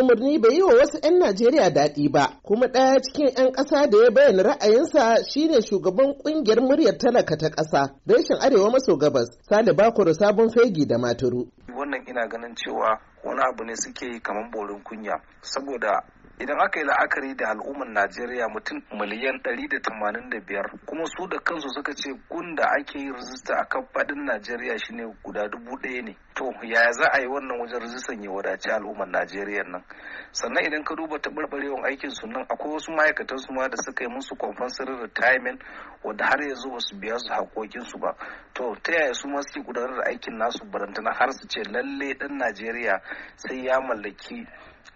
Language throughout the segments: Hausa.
umarni bai yi wa wasu 'yan Najeriya daɗi ba, kuma ɗaya cikin 'yan ƙasa da ya bayyana ra'ayinsa shine shugaban ƙungiyar muryar talaka ta ƙasa, reshen Arewa maso gabas, Sale Bakuru Sabon Fegi da Maturu. Wannan ina ganin cewa wani abu ne suke yi kamar borin kunya, saboda idan aka yi la'akari da al'ummar najeriya mutum miliyan ɗari da tamanin da biyar kuma su da kansu suka ce gun da ake yi rijista a kan faɗin najeriya shine guda dubu ɗaya ne to yaya za a yi wannan wajen rijistan ya wadaci al'ummar najeriya nan sannan idan ka duba taɓarɓarewar aikin su nan akwai wasu ma'aikatan su ma da suka yi musu compulsory retirement wanda har yanzu ba su biya su haƙoƙin su ba to ta yaya su ma suke gudanar da aikin nasu barantana har su ce lalle ɗan najeriya sai ya mallaki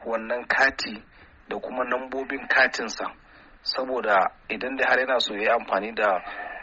wannan kati da kuma nambobin katinsa saboda idan da har yana so ya yi amfani da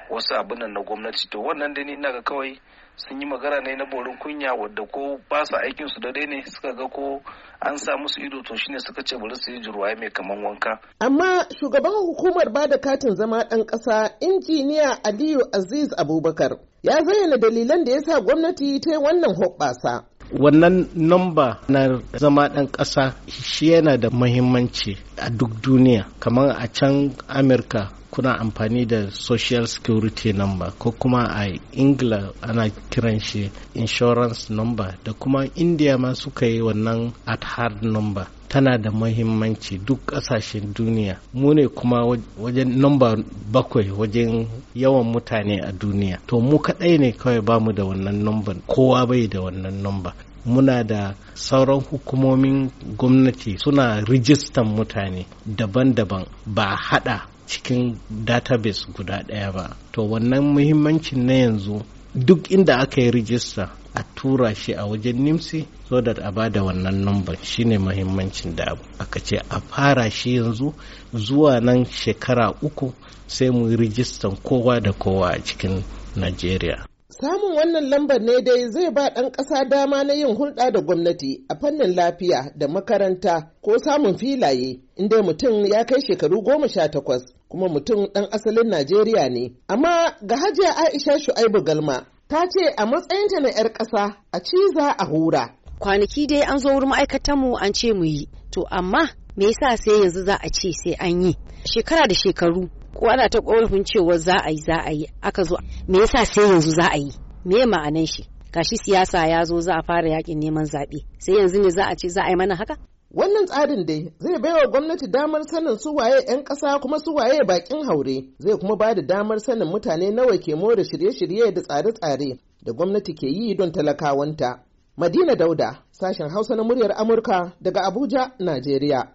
wasu abinan na gwamnati to wannan da ni ina ga kawai sun yi magana ne na borin kunya wadda ko ba su aikin su daidai ne suka ga ko an sa musu ido to shine suka ce bari su yi jirwaye mai kaman wanka. Amma shugaban hukumar ba da katin zama ɗan ƙasa injiniya Aliyu Aziz Abubakar ya zayyana dalilan da ya sa gwamnati ta yi wannan hoɓɓasa. wannan namba na zama ɗan ƙasa shi yana da mahimmanci a duk duniya kamar a can amurka kuna amfani da social security number ko kuma a ingila ana kiran shi insurance number da kuma india ma suka yi wannan at hard number tana da mahimmanci duk ƙasashen duniya mu ne kuma wajen namba bakwai wajen yawan mutane a duniya to mu kaɗai ne kawai ba mu da wannan namba kowa bai da wannan namba muna da sauran hukumomin gwamnati suna rijistan mutane daban-daban ba hada cikin database guda ɗaya ba to wannan muhimmancin na yanzu duk inda aka yi rijista a tura shi a wajen nimsi so da a da wannan numban shine mahimmancin da aka ce a fara shi yanzu zuwa nan shekara uku sai mu yi rijistan kowa da kowa a cikin najeriya Samun wannan lambar ne dai zai ba ɗan ƙasa dama na yin hulɗa da gwamnati a fannin lafiya da makaranta ko samun filaye inda mutum ya kai shekaru goma sha takwas. kuma mutum ɗan asalin Najeriya ne. Amma ga Hajiya Aisha Shu'aibu Galma ta ce a matsayinta na 'yar ƙasa a ciza a hura. Kwanaki dai an zo wurin ma'aikatanmu an ce mu yi, to amma me yasa sai yanzu za a ce sai an yi. Shekara da shekaru ko ana ta ƙorafin cewa za a yi za a yi aka zo me yasa sai yanzu za a yi me ma'anan shi gashi siyasa ya zo za a fara yaƙin neman zaɓe sai yanzu ne za a ce za a yi mana haka Wannan tsarin dai zai baiwa gwamnati damar sanin su waye 'yan ƙasa kuma su waye bakin haure, zai kuma ba da damar sanin mutane nawa ke more shirye-shirye da tsare-tsare da gwamnati ke yi don talakawanta. Madina Dauda, sashen Hausa na muryar Amurka daga Abuja, Najeriya.